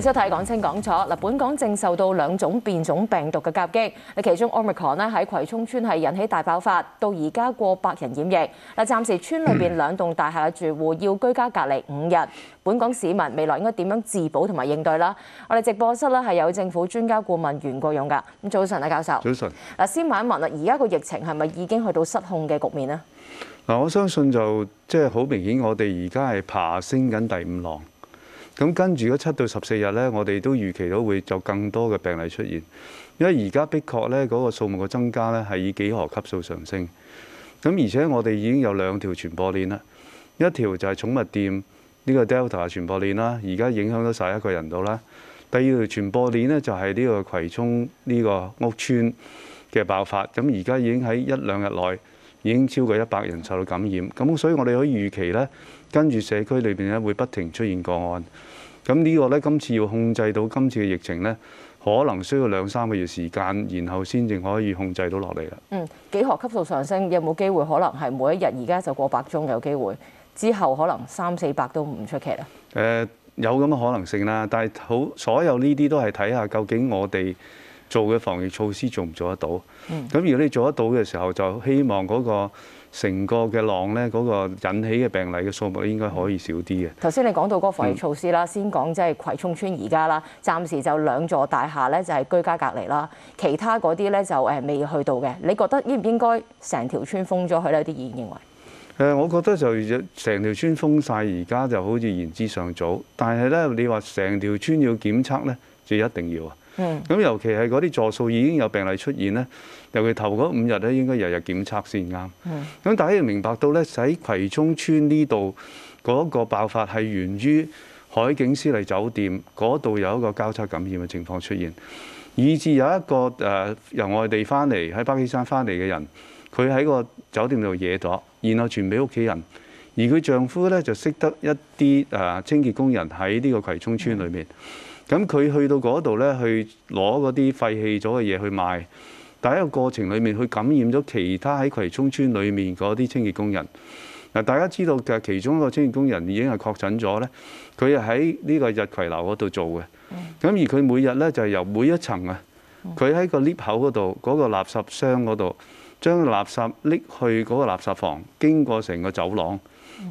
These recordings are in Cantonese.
真係講清講楚。嗱，本港正受到兩種變種病毒嘅夾擊。嗱，其中 Omicron 咧喺葵涌村係引起大爆發，到而家過百人染疫。嗱，暫時村裏邊兩棟大廈嘅住戶要居家隔離五日。本港市民未來應該點樣自保同埋應對啦？我哋直播室咧係有政府專家顧問袁國勇噶。咁早晨啊，教授。早晨安。嗱，先問一問啦，而家個疫情係咪已經去到失控嘅局面咧？嗱，我相信就即係好明顯，我哋而家係爬升緊第五浪。咁跟住七到十四日呢，我哋都預期到會有更多嘅病例出現，因為而家的確呢，嗰、嗰個數目嘅增加呢，係以幾何級數上升。咁而且我哋已經有兩條傳播鏈啦，一條就係寵物店呢、呢個 Delta 傳播鏈啦，而家影響到晒一個人度啦。第二條傳播鏈呢，就係、係、呢個葵涌呢、呢個屋邨嘅爆發。咁而家已經喺一兩日內已經超過一百人受到感染。咁所以我哋可以預期呢，跟住社區裏邊呢，會不停出現個案。咁呢個呢，今次要控制到今次嘅疫情呢，可能需要兩三個月時間，然後先至可以控制到落嚟啦。嗯，幾何級數上升，有冇機會可能係每一日而家就過百宗有機會，之後可能三四百都唔出奇啊？呃，有咁嘅可能性啦，但係好所有呢啲都係睇下究竟我哋做嘅防疫措施做唔做得到。嗯，咁如果你做得到嘅時候，就希望嗰個。成個嘅浪咧，嗰、嗰個引起嘅病例嘅數目應該可以少啲嘅。頭先你講到嗰個防疫措施啦，嗯、先講即係葵涌村而家啦，暫時就兩座大廈咧就係、係、居家隔離啦，其他嗰啲咧就誒未去到嘅。你覺得應唔應該成條村封咗佢咧？啲議員認為？誒、呃，我覺得就成條村封晒而家就好似言之尚早，但係咧你話成條村要檢測咧，就一定要啊。咁、嗯、尤其係嗰啲座數已經有病例出現咧，尤其頭嗰五日咧，應該日日檢測先啱。咁、嗯、大家要明白到呢，喺葵涌村呢度嗰個爆發係源於海景絲麗酒店嗰度有一個交叉感染嘅情況出現，以至有一個誒由外地翻嚟喺巴基斯坦翻嚟嘅人，佢喺個酒店度惹咗，然後傳俾屋企人，而佢丈夫呢，就識得一啲誒清潔工人喺呢個葵涌村裏面。嗯咁佢去到嗰度呢，去攞嗰啲廢棄咗嘅嘢去賣，但係一個過程裡面，佢感染咗其他喺葵涌村裡面嗰啲清潔工人嗱。大家知道嘅其中一個清潔工人已經係確診咗呢，佢係喺呢個日葵樓嗰度做嘅。咁而佢每日呢，就係、是、由每一層啊，佢喺個 lift 口嗰度嗰個垃圾箱嗰度將垃圾拎去嗰個垃圾房，經過成個走廊，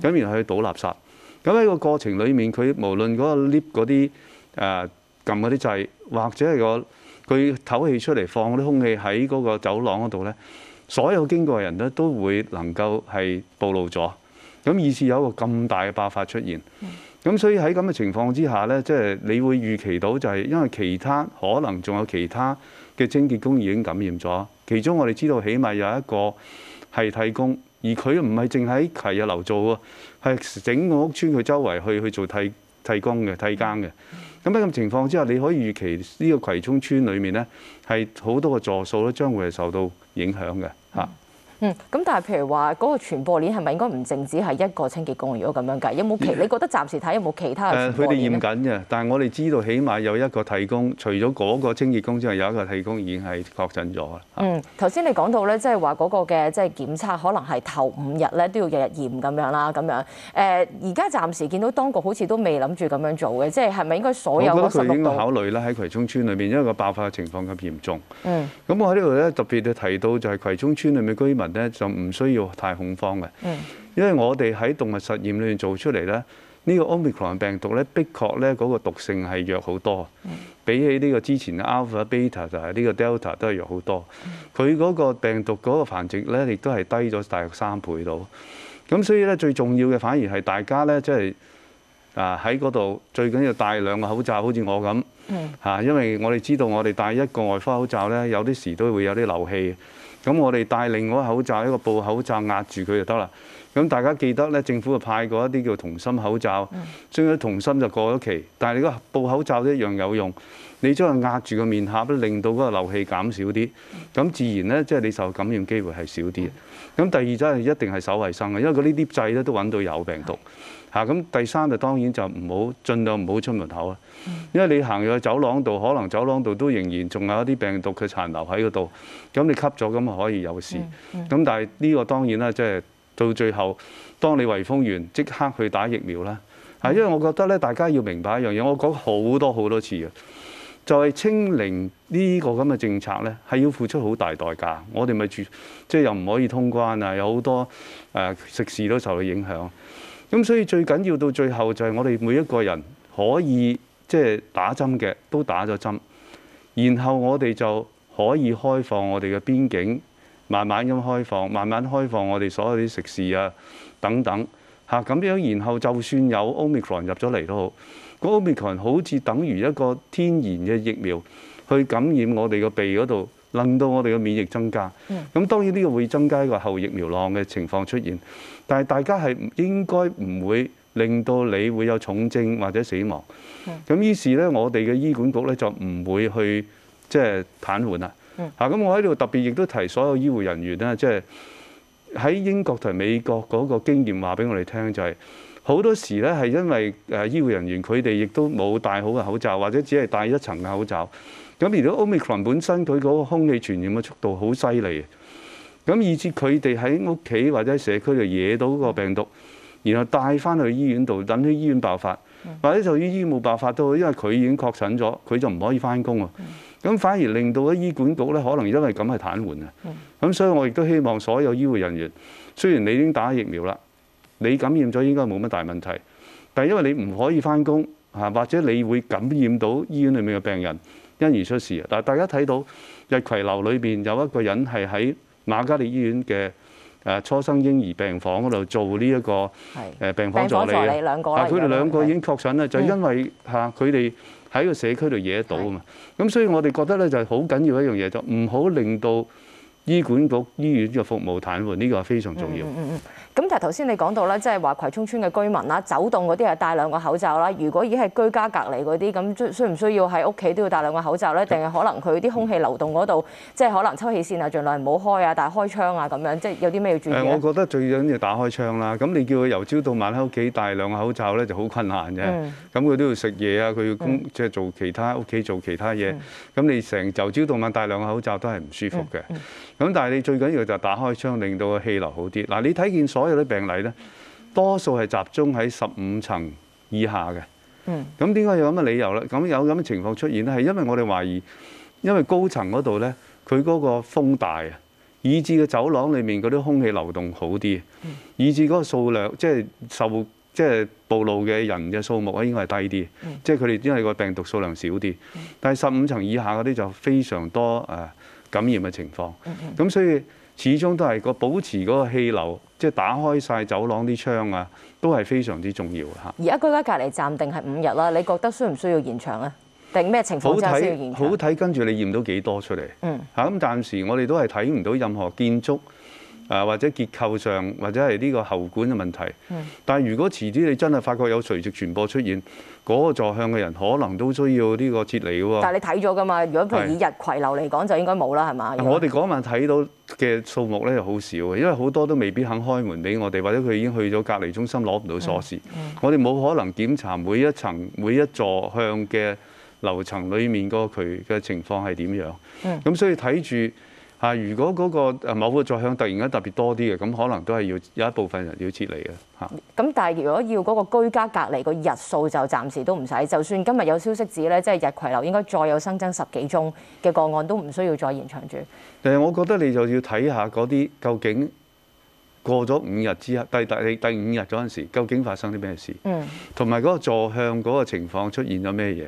咁然後去倒垃圾。咁、那、喺個過程裡面，佢無論嗰個 lift 啲。誒撳嗰啲掣，或者係我佢唞氣出嚟，放嗰啲空氣喺嗰個走廊嗰度呢，所有經過人呢都會能夠係暴露咗。咁於是有一個咁大嘅爆發出現。咁所以喺咁嘅情況之下呢，即係你會預期到就係因為其他可能仲有其他嘅清潔工已經感染咗。其中我哋知道起碼有一個係替工，而佢唔係淨係喺逸葵樓做喎，係整個屋邨佢周圍去去做替替工嘅替更嘅。咁樣咁情況之下，你可以預期呢個葵涌村裏面呢係好多個座數咧，將會係受到影響嘅，嚇、嗯。嗯，咁但係譬如話嗰個傳播鏈係咪應該唔淨止係一個清潔工？如果咁樣計，有冇其你覺得暫時睇有冇其他？佢哋驗緊嘅，但係我哋知道起碼有一個替工，除咗嗰個清潔工之外，有一個替工已經係確診咗啦。嗯，頭先你講到咧，即係話嗰個嘅即係檢測，可能係頭五日咧都要日日驗咁樣啦，咁樣誒，呃，而家暫時見到當局好似都未諗住咁樣做嘅，即係係咪應該所有都深係應該考慮啦，喺葵涌村裏面，因為個爆發嘅情況咁嚴重。嗯。咁我喺呢度咧特別去提到就係葵涌村裏面居民。咧就唔需要太恐慌嘅，因為我哋喺動物實驗裏面做出嚟咧，呢、這個 Omicron 病毒咧，的確咧嗰個毒性係弱好多， 比起呢個之前嘅 Alpha、Beta 就係呢個 Delta 都係弱好多。佢嗰 個病毒嗰個繁殖咧，亦都係低咗大約三倍到。咁所以咧、就是，最重要嘅反而係大家咧，即係啊喺嗰度最緊要戴兩個口罩，好似我咁嚇， 因為我哋知道我哋戴一個外科口罩咧，有啲時都會有啲漏氣。咁我哋戴另外一個口罩，一個布口罩壓住佢就得啦。咁大家記得咧，政府就派過一啲叫同心口罩，嗯、雖然同心就過咗期，但係你個布口罩一樣有用。你將佢壓住個面下，令到嗰個漏氣減少啲。咁自然咧，即係你受感染機會係少啲。咁、嗯、第二真係一定係手衞生嘅，因為佢呢啲掣咧都揾到有病毒。嗯啊，咁第三就當然就唔好盡量唔好出門口啊，因為你行入去走廊度，可能走廊度都仍然仲有一啲病毒嘅殘留喺嗰度，咁你吸咗咁咪可以有事。咁、嗯嗯、但係呢個當然啦，即、就、係、是、到最後，當你圍封完即刻去打疫苗啦。係、嗯、因為我覺得咧，大家要明白一樣嘢，我講好多好多次啊，就係、是、清零呢個咁嘅政策咧，係要付出好大代價。我哋咪住即係、就是、又唔可以通關啊，有好多誒食肆都受到影響。咁所以最緊要到最後就係我哋每一個人可以即係、就是、打針嘅都打咗針，然後我哋就可以開放我哋嘅邊境，慢慢咁開放，慢慢開放我哋所有啲食肆啊等等吓咁樣，然後就算有 Omicron 入咗嚟都好，個 Omicron 好似等於一個天然嘅疫苗去感染我哋個鼻嗰度。令到我哋嘅免疫增加，咁當然呢個會增加一個後疫苗浪嘅情況出現，但係大家係應該唔會令到你會有重症或者死亡。咁於是咧，我哋嘅醫管局咧就唔會去即係癱瘓啊，嚇、就是！咁我喺度特別亦都提所有醫護人員咧，即係喺英國同美國嗰個經驗話俾我哋聽，就係好多時咧，係因為誒醫護人員佢哋亦都冇戴好嘅口罩，或者只係戴一層嘅口罩。咁如果 Omicron 本身佢嗰個空氣傳染嘅速度好犀利，咁以致佢哋喺屋企或者社區就惹到個病毒，然後帶翻去醫院度等於醫院爆發，嗯、或者就醫院冇爆發都，因為佢已經確診咗，佢就唔可以翻工啊。咁、嗯、反而令到咧醫管局咧，可能因為咁係癱瘓啊。咁、嗯、所以我亦都希望所有醫護人員，雖然你已經打疫苗啦，你感染咗應該冇乜大問題，但係因為你唔可以翻工啊，或者你會感染到醫院裏面嘅病人。因而出事啊！但係大家睇到日葵樓裏邊有一個人係喺瑪嘉烈醫院嘅誒初生嬰兒病房嗰度做呢一個誒病房助理，房助理但係佢哋兩個已經確診咧，嗯、就因為嚇佢哋喺個社區度惹到啊嘛！咁是所以我哋覺得咧就係好緊要一樣嘢，就唔好令到醫管局醫院嘅服務癱瘓，呢、這個係非常重要。嗯嗯咁頭頭先你講到啦，即係話葵涌村嘅居民啦，走動嗰啲係戴兩個口罩啦。如果已經係居家隔離嗰啲，咁需唔需要喺屋企都要戴兩個口罩咧？定係可能佢啲空氣流動嗰度，即係可能抽氣扇啊，儘量唔好開啊，但係開窗啊咁樣，即係有啲咩要注意？我覺得最緊要打開窗啦。咁你叫佢由朝到晚喺屋企戴兩個口罩咧，就好困難嘅。咁佢、嗯、都要食嘢啊，佢要工、嗯、即係做其他屋企做其他嘢。咁、嗯、你成日由朝到晚戴兩個口罩都係唔舒服嘅。嗯嗯咁但係你最緊要就係打開窗，令到個氣流好啲。嗱、啊，你睇見所有啲病例咧，多數係集中喺十五層以下嘅。咁點解有咁嘅理由咧？咁有咁嘅情況出現咧，係因為我哋懷疑，因為高層嗰度咧，佢嗰個風大啊，以至個走廊裡面嗰啲空氣流動好啲，嗯、以至嗰個數量即係、就是、受即係、就是、暴露嘅人嘅數目咧，應該係低啲，即係佢哋因為個病毒數量少啲。但係十五層以下嗰啲就非常多誒。啊感染嘅情況，咁所以始終都係個保持嗰個氣流，即係打開晒走廊啲窗啊，都係非常之重要嘅嚇。而家居家隔離暫定係五日啦，你覺得需唔需要延長咧？定咩情況好睇先延長？好睇跟住你驗到幾多出嚟？嗯，嚇咁暫時我哋都係睇唔到任何建築。啊，或者結構上，或者係呢個喉管嘅問題。嗯、但係如果遲啲你真係發覺有垂直傳播出現，嗰、那個座向嘅人可能都需要呢個撤離喎、啊。但係你睇咗㗎嘛？如果譬如以日葵樓嚟講，是就應該冇啦，係嘛？我哋嗰晚睇到嘅數目咧，好少，因為好多都未必肯開門俾我哋，或者佢已經去咗隔離中心攞唔到鎖匙。嗯嗯、我哋冇可能檢查每一層每一座向嘅樓層裡面嗰個渠嘅情況係點樣。咁、嗯嗯、所以睇住。啊！如果嗰個某個再向突然間特別多啲嘅，咁可能都係要有一部分人要撤離嘅嚇。咁但係如果要嗰個居家隔離個日數就暫時都唔使，就算今日有消息指咧，即係逸葵樓應該再有新增十幾宗嘅個案，都唔需要再延長住。但係，我覺得你就要睇下嗰啲究竟。過咗五日之後，第第第五日嗰陣時，究竟發生啲咩事？嗯，同埋嗰個座向嗰個情況出現咗咩嘢？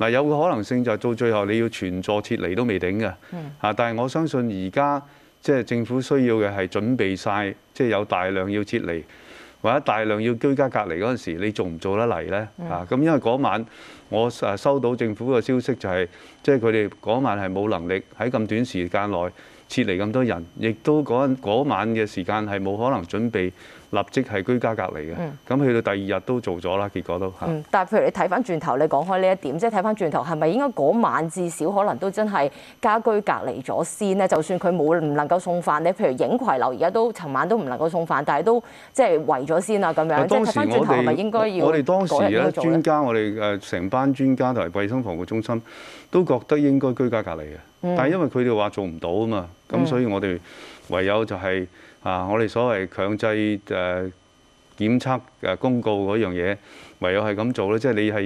嗱、嗯、有個可能性就係到最後你要全座撤離都未頂嘅。嗯，但係我相信而家即係政府需要嘅係準備晒，即、就、係、係、有大量要撤離，或者大量要居家隔離嗰陣時，你做唔做得嚟呢？嚇、嗯！咁、啊、因為嗰晚我誒收到政府嘅消息就係、係，即係佢哋嗰晚係冇能力喺咁短時間內。撤離咁多人，亦都嗰晚嘅時間係冇可能準備立即係居家隔離嘅。咁去、嗯、到第二日都做咗啦，結果都係、嗯。但係譬如你睇翻轉頭，你講開呢一點，即係睇翻轉頭，係咪應該嗰晚至少可能都真係家居隔離咗先呢？就算佢冇唔能夠送飯，你譬如影葵樓而家都尋晚都唔能夠送飯，但係都即係圍咗先啊咁樣。即係睇翻轉頭，係咪應該要？我哋當時咧，專家我哋誒成班專家同埋衞生防護中心都覺得應該居家隔離嘅。但係因為佢哋話做唔到啊嘛，咁所以我哋唯有就係、是嗯、啊，我哋所謂強制誒、呃、檢測誒、呃、公告嗰樣嘢，唯有係咁做咧，即係你係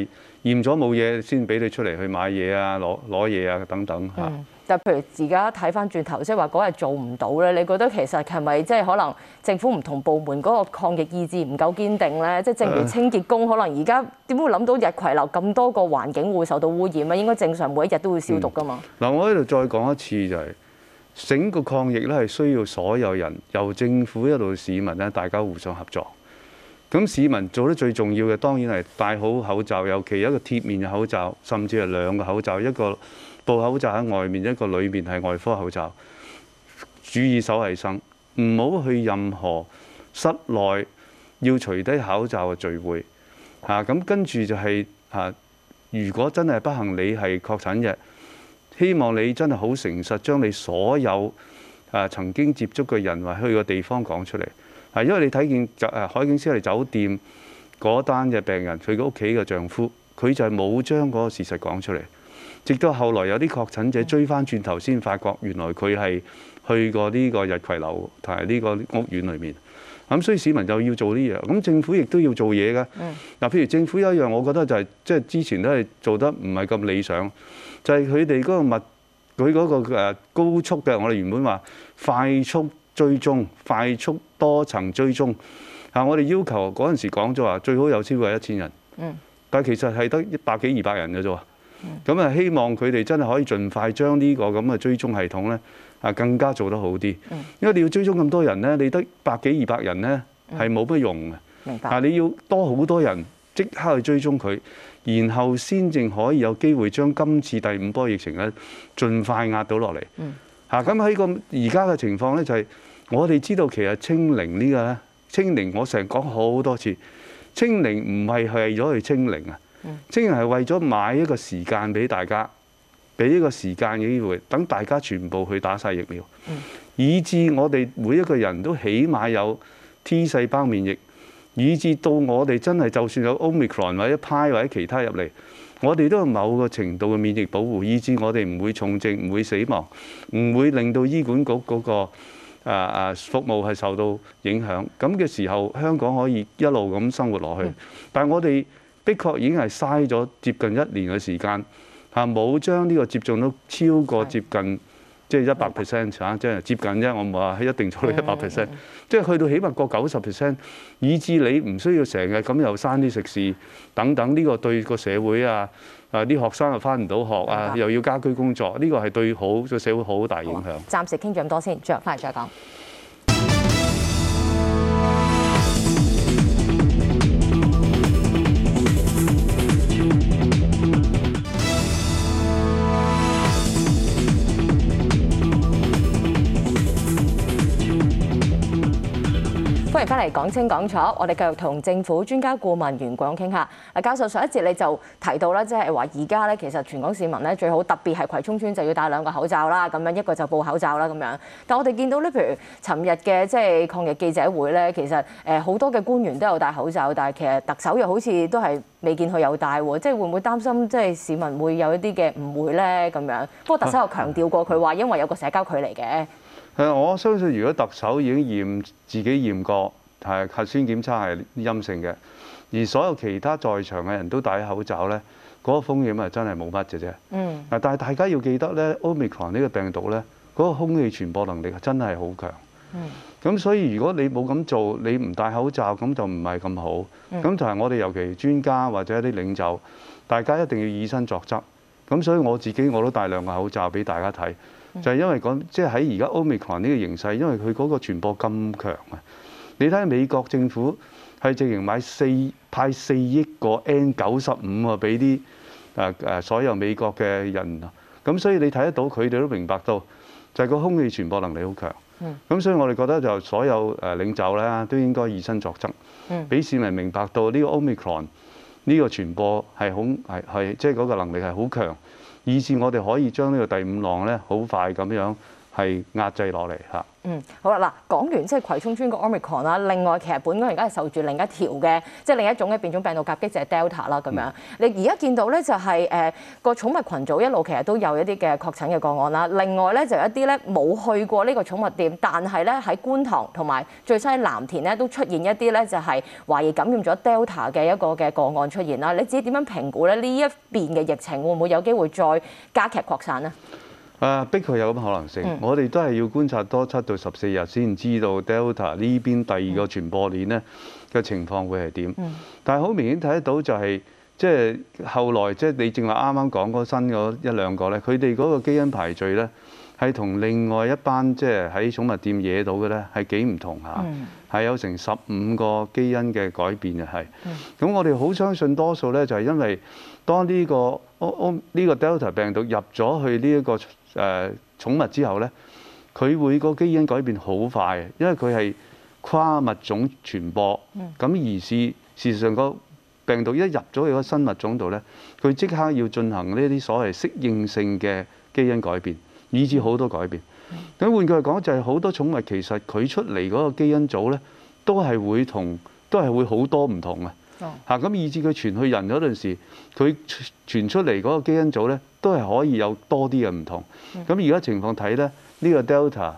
驗咗冇嘢先俾你出嚟去買嘢啊，攞攞嘢啊等等嚇。啊嗯。就譬如而家睇翻轉頭，即係話嗰日做唔到咧，你覺得其實係咪即係可能政府唔同部門嗰個抗疫意志唔夠堅定咧？即係正如清潔工，可能而家點會諗到日葵樓咁多個環境會受到污染啊？應該正常每一日都會消毒噶嘛。嗱、嗯，我呢度再講一次就係、是、整個抗疫咧，係需要所有人由政府一路市民咧，大家互相合作。咁市民做得最重要嘅當然係戴好口罩，尤其一個貼面嘅口罩，甚至係兩個口罩一個。布口罩喺外面，一個裏面係外科口罩。注意手衛生，唔好去任何室內要除低口罩嘅聚會吓，咁、啊、跟住就係、是、嚇、啊，如果真係不幸你係確診嘅，希望你真係好誠實將你所有啊曾經接觸嘅人或去嘅地方講出嚟。啊，因為你睇見就誒、啊、海景絲麗酒店嗰單嘅病人，佢嘅屋企嘅丈夫，佢就係冇將嗰個事實講出嚟。直到後來有啲確診者追翻轉頭先，發覺原來佢係去過呢個日葵樓同埋呢個屋苑裏面。咁所以市民就要做呢樣，咁政府亦都要做嘢㗎。嗱，譬如政府有一樣，我覺得就係即係之前都係做得唔係咁理想，就係佢哋嗰個物，佢嗰個高速嘅。我哋原本話快速追蹤、快速多層追蹤，啊，我哋要求嗰陣時講咗話最好有超過一千人，但係其實係得一百幾二百人嘅啫。咁啊，希望佢哋真係可以盡快將呢個咁嘅追蹤系統咧，啊更加做得好啲。因為你要追蹤咁多人咧，你得百幾二百人咧係冇乜用嘅。明白。但你要多好多人即刻去追蹤佢，然後先至可以有機會將今次第五波疫情咧盡快壓到落嚟。嚇！咁喺個而家嘅情況咧，就係我哋知道其實清零呢個咧，清零我成日講好多次，清零唔係係咗去清零啊。正係為咗買一個時間俾大家，俾一個時間嘅機會，等大家全部去打晒疫苗，嗯、以致我哋每一個人都起碼有 T 細胞免疫，以致到我哋真係就算有 Omicron 或者 Pi 或者其他入嚟，我哋都有某個程度嘅免疫保護，以致我哋唔會重症、唔會死亡、唔會令到醫管局嗰個啊服務係受到影響。咁嘅時候，香港可以一路咁生活落去，嗯、但係我哋，的確已經係嘥咗接近一年嘅時間，吓冇將呢個接種都超過接近即係一百 percent 吓，即係的接近啫。我唔話一定做到一百 percent，即係去到起碼過九十 percent，以至你唔需要成日咁又生啲食肆等等。呢、這個對個社會啊，啊啲學生又翻唔到學啊，的又要家居工作，呢、這個係對好個社會好大影響。暫時傾咗咁多先，再翻嚟再講。返嚟講清講楚，我哋繼續同政府專家顧問袁國勇傾下。阿教授上一節你就提到咧，即係話而家咧，其實全港市民咧最好，特別係葵涌村就要戴兩個口罩啦。咁樣一個就布口罩啦。咁樣，但我哋見到咧，譬如尋日嘅即係抗疫記者會咧，其實誒好多嘅官員都有戴口罩，但係其實特首又好似都係未見佢有戴喎。即係會唔會擔心即係市民會有一啲嘅誤會咧？咁樣。不過特首又強調過，佢話因為有個社交距離嘅。誒，我相信如果特首已經驗自己驗過，係核酸檢測係陰性嘅，而所有其他在場嘅人都戴口罩呢，嗰個風險係真係冇乜嘅啫。嗯。但係大家要記得呢，Omicron 呢個病毒呢，嗰個空氣傳播能力真係好強。嗯。咁所以如果你冇咁做，你唔戴口罩咁就唔係咁好。嗯。咁就係我哋尤其專家或者啲領袖，大家一定要以身作則。咁所以我自己我都戴兩個口罩俾大家睇。就係因為講，即係喺而家 Omicron 呢個形勢，因為佢嗰個傳播咁強啊！你睇美國政府係直營買四派四億個 N 九十五啊，俾啲誒誒所有美國嘅人啊，咁所以你睇得到佢哋都明白到，就係個空氣傳播能力好強。嗯，咁所以我哋覺得就所有誒領袖咧，都應該以身作則，俾市民明白到呢個 Omicron 呢個傳播係好係係即係嗰個能力係好強。以致我哋可以將呢個第五浪咧，好快咁樣，係壓制落嚟嚇。嗯，好啦，嗱，講完即係葵涌村個 Omicron 啦。另外，其實本港而家係受住另一條嘅，即係另一種嘅變種病毒夾擊就係 Delta 啦咁樣。你而家見到咧就係誒個寵物群組一路其實都有一啲嘅確診嘅個案啦。另外咧就有一啲咧冇去過呢個寵物店，但係咧喺觀塘同埋最新喺藍田咧都出現一啲咧就係懷疑感染咗 Delta 嘅一個嘅個案出現啦。你自己點樣評估咧呢一邊嘅疫情會唔會有機會再加劇擴散呢？啊！的確有咁可能性，我哋都係要觀察多七到十四日先知道 Delta 呢邊第二個傳播鏈咧嘅情況會係點。但係好明顯睇得到就係，即係後來即係你正話啱啱講嗰新嗰一兩個咧，佢哋嗰個基因排序咧係同另外一班即係喺寵物店惹到嘅咧係幾唔同吓，係有成十五個基因嘅改變嘅係。咁我哋好相信多數咧就係因為當呢個 O O 呢個 Delta 病毒入咗去呢一個。誒、呃、寵物之後咧，佢會個基因改變好快，因為佢係跨物種傳播。咁、嗯、而係事實上個病毒一入咗去個新物種度咧，佢即刻要進行呢啲所謂適應性嘅基因改變，以至好多改變。咁、嗯、換句嚟講就係、是、好多寵物其實佢出嚟嗰個基因組咧，都係會，都會同都係會好多唔同嘅。嚇咁、嗯啊、以至佢傳去人嗰陣時，佢傳出嚟嗰個基因組咧。都係可以有多啲嘅唔同。咁而家情況睇咧，呢個 Delta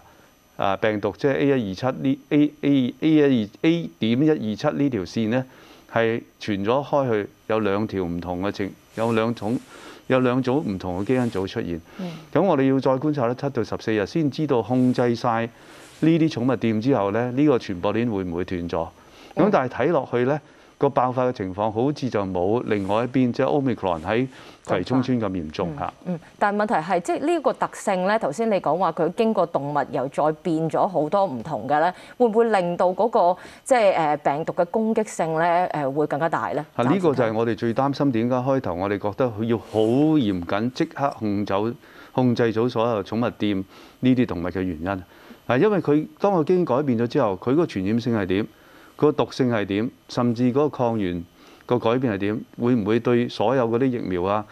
啊病毒，即係 A 一二七呢 A A A 一二 A 點一二七呢條線呢，係傳咗開去，有兩條唔同嘅情，有兩種，有兩組唔同嘅基因組出現。咁我哋要再觀察咧七到十四日，先知道控制晒呢啲寵物店之後呢，呢個傳播鏈會唔會斷咗？咁但係睇落去呢，個爆發嘅情況好似就冇另外一邊，即係 Omicron 喺葵涌村咁嚴重嚇。嗯，但係問題係即係呢個特性咧，頭先你講話佢經過動物又再變咗好多唔同嘅咧，會唔會令到嗰個即係誒病毒嘅攻擊性咧誒會更加大咧？啊，呢個就係我哋最擔心點解。而家開頭我哋覺得佢要好嚴謹，即刻控走控制咗所有寵物店呢啲動物嘅原因。啊，因為佢當佢經改變咗之後，佢個傳染性係點？.個毒性係點，甚至嗰個抗原個改變係點，會唔會對所有嗰啲疫苗啊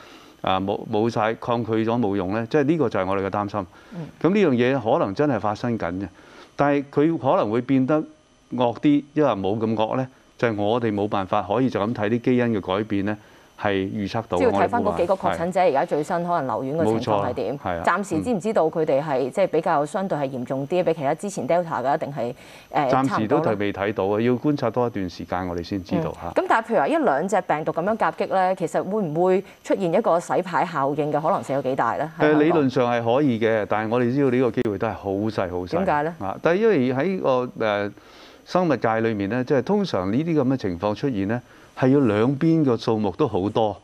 啊冇冇曬抗拒咗冇用咧？即係呢個就係我哋嘅擔心。咁呢樣嘢可能真係發生緊嘅，但係佢可能會變得惡啲，因為冇咁惡咧，就係、是、我哋冇辦法可以就咁睇啲基因嘅改變咧。係預測到，即係要睇翻嗰幾個確診者而家的最新可能留院嘅情況係點？暫時知唔知道佢哋係即係比較相對係嚴重啲，比其他之前 Delta 嘅一定係誒？呃、暫時都未睇到啊！要觀察多一段時間，我哋先知道嚇。咁、嗯、但係譬如話一兩隻病毒咁樣夾擊咧，其實會唔會出現一個洗牌效應嘅可能性有幾大咧？誒的理論上係可以嘅，但係我哋知道呢個機會都係好細好細。點解咧？啊，但係因為喺個誒生物界裏面咧，即係通常呢啲咁嘅情況出現咧。係要兩邊個數目都好多，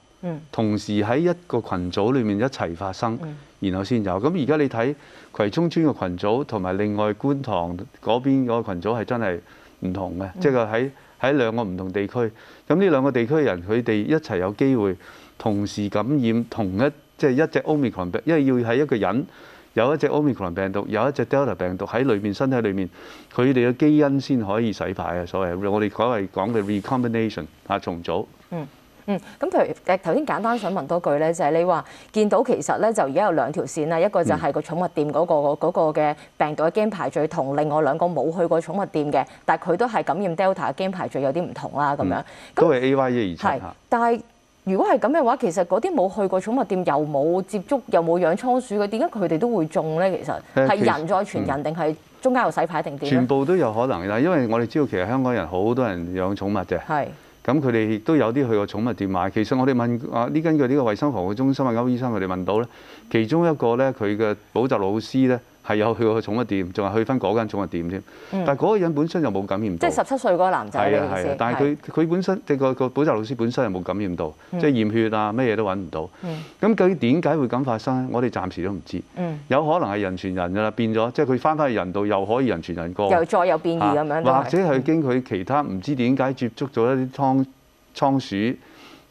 同時喺一個群組裏面一齊發生，然後先有。咁而家你睇葵涌村個群組同埋另外觀塘嗰邊、嗯、個群組係真係唔同嘅，即係喺喺兩個唔同地區。咁呢兩個地區人佢哋一齊有機會同時感染同一，即係一隻 Omicron 病，因為要喺一個人。有一隻 Omicron 病毒，有一隻 Delta 病毒喺裏面身體裏面，佢哋嘅基因先可以洗牌啊！所謂我哋所謂講嘅 recombination 啊，重組。嗯嗯，咁譬如誒頭先簡單想問多句咧，就係你話見到其實咧就而家有兩條線啦，一個就係個寵物店嗰個嗰個嘅病毒嘅基因排序，同另外兩個冇去過寵物店嘅，但係佢都係感染 Delta 嘅基因排序有啲唔同啦咁樣。都係 AYE 而家。係。但係。如果係咁嘅話，其實嗰啲冇去過寵物店，又冇接觸，又冇養倉鼠嘅，點解佢哋都會中呢？其實係人在傳人，定係、嗯、中間有洗牌定點？全部都有可能啦，因為我哋知道其實香港人好多人養寵物嘅，係咁佢哋亦都有啲去過寵物店買。其實我哋問啊呢間嘅呢個衞生防護中心啊，歐醫生佢哋問到呢，其中一個呢，佢嘅補習老師呢。係有去過個寵物店，仲係去翻嗰間寵物店添。但係嗰個人本身就冇感染到。嗯、即係十七歲嗰個男仔嗰係啊係啊，的但係佢佢本身，即係個個補習老師本身又冇感染到，嗯、即係驗血啊，乜嘢都揾唔到。咁、嗯、究竟點解會咁發生咧？我哋暫時都唔知。嗯、有可能係人傳人㗎啦，變咗，即係佢翻返去人度又可以人傳人過。又再有變異咁樣。啊、或者係經佢其他唔、嗯、知點解接觸咗一啲倉倉鼠，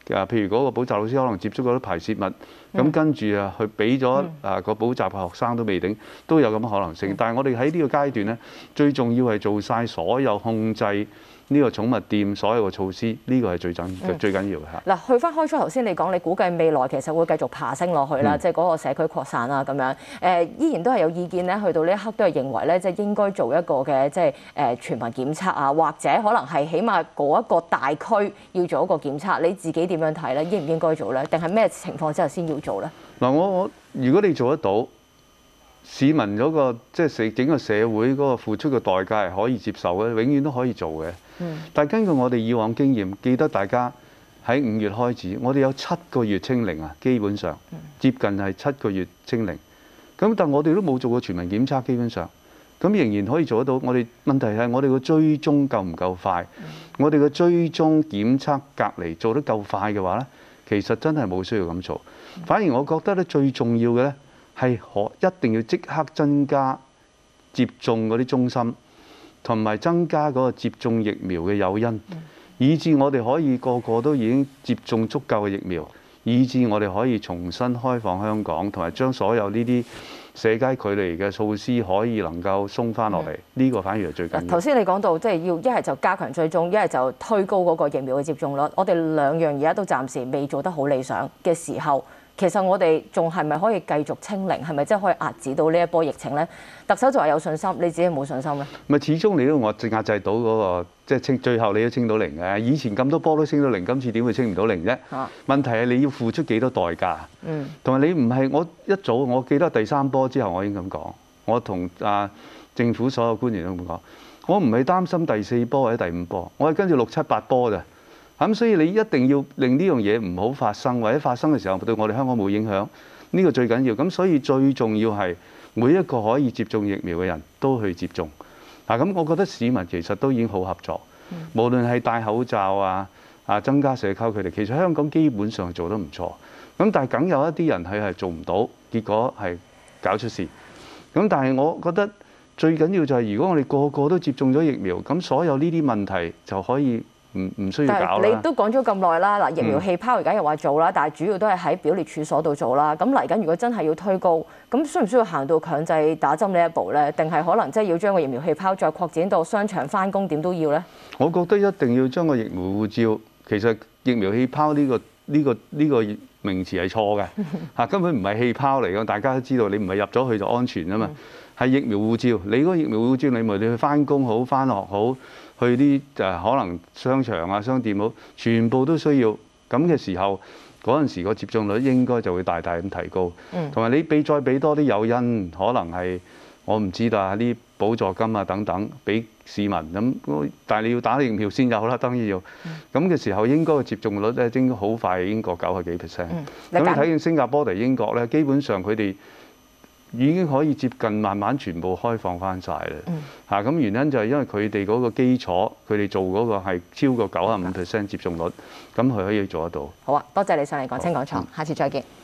譬如嗰個補習老，老師可能接觸咗啲排泄物。咁、嗯、跟住啊，佢俾咗啊個補習嘅學生都未定，都有咁嘅可能性。但係我哋喺呢個階段咧，最重要係做晒所有控制。呢個寵物店所有嘅措施，呢、這個係最緊、嗯、最緊要嘅嗱，去翻開初頭先，你講你估計未來其實會繼續爬升落去啦，嗯、即係嗰個社區擴散啦咁樣。誒、呃，依然都係有意見咧，去到呢一刻都係認為咧，即係應該做一個嘅即係誒、呃、全民檢測啊，或者可能係起碼嗰一個大區要做一個檢測。你自己點樣睇咧？應唔應該做咧？定係咩情況之後先要做咧？嗱，我我如果你做得到，市民嗰、那個即係社整個社會嗰個付出嘅代價係可以接受嘅，永遠都，都可以做嘅。但根據我哋以往經驗，記得大家喺五月開始，我哋有七個月清零啊，基本上接近係七個月清零。咁但我哋都冇做過全民檢測，基本上咁仍然可以做得到。我哋問題係我哋嘅追蹤夠唔夠快？ 我哋嘅追蹤檢測隔離做得夠快嘅話咧，其實真係冇需要咁做。反而我覺得咧，最重要嘅咧係可一定要即刻增加接種嗰啲中心。同埋增加嗰個接種疫苗嘅誘因，以至我哋可以個個都已經接種足夠嘅疫苗，以致我哋可以重新開放香港，同埋將所有呢啲社交距離嘅措施可以能夠鬆翻落嚟。呢個反而係最緊要。頭先你講到即係要一係就加強追蹤，一係就推高嗰個疫苗嘅接種率。我哋兩樣而家都暫時未做得好理想嘅時候。其實我哋仲係咪可以繼續清零？係咪真係可以壓制到呢一波疫情呢？特首就話有信心，你自己冇信心咧？咪始終你都我壓制到嗰、那個，即係清最後你都清到零嘅。以前咁多波都清到零，今次點會清唔到零啫？啊、問題係你要付出幾多代價？嗯，同埋你唔係我一早，我記得第三波之後，我已經咁講，我同啊政府所有官員都咁講，我唔係擔心第四波或者第五波，我係跟住六七八波咋。咁所以你一定要令呢樣嘢唔好發生，或者發生嘅時候對我哋香港冇影響，呢個最緊要。咁所以最重要係每一個可以接種疫苗嘅人都去接種，嗱，咁我覺得市民其實都已經好合作，無論係戴口罩啊，啊增加社交距離，其實香港基本上做得唔錯，咁但係梗有一啲人係係做唔到，結果係搞出事。咁但係我覺得最緊要就係如果我哋個個都接種咗疫苗，咁所有呢啲問題就可以。唔唔需要搞啦。但係你都講咗咁耐啦，嗱，疫苗氣泡而家又話做、嗯、做啦，但係主要都係喺表列處所度做啦。咁嚟緊如果真係要推高，咁需唔需要行到強制打針呢一步呢？定係可能即係要將個疫苗氣泡再擴展到商場翻工點都要呢？我覺得一定要將個疫苗護照。其實疫苗氣泡呢個呢個呢個名詞係錯嘅嚇，根本唔係氣泡嚟㗎。大家都知道你唔係入咗去就安全啊嘛，係、嗯、疫苗護照。你嗰個疫苗護照，你咪你去翻工好，翻學好。去啲就係可能商場啊、商店好，全部都需要咁嘅時候，嗰陣時個接種率應該就會大大咁提高。同埋、嗯、你俾再俾多啲誘因，可能係我唔知道啊，啲補助金啊等等俾市民咁，但係你要打疫苗先有啦，當然要。咁嘅、嗯、時候應該個接種率咧應該好快已經九十幾 percent。咁、嗯、你睇見新加坡嚟英國咧，基本上佢哋。已經可以接近慢慢全部開放翻晒啦嚇、嗯！咁、啊、原因就係因為佢哋嗰個基礎，佢哋做嗰個係超過九啊五 percent 接種率，咁佢、嗯、可以做得到。好啊，多謝你上嚟講清講楚，下次再見。嗯。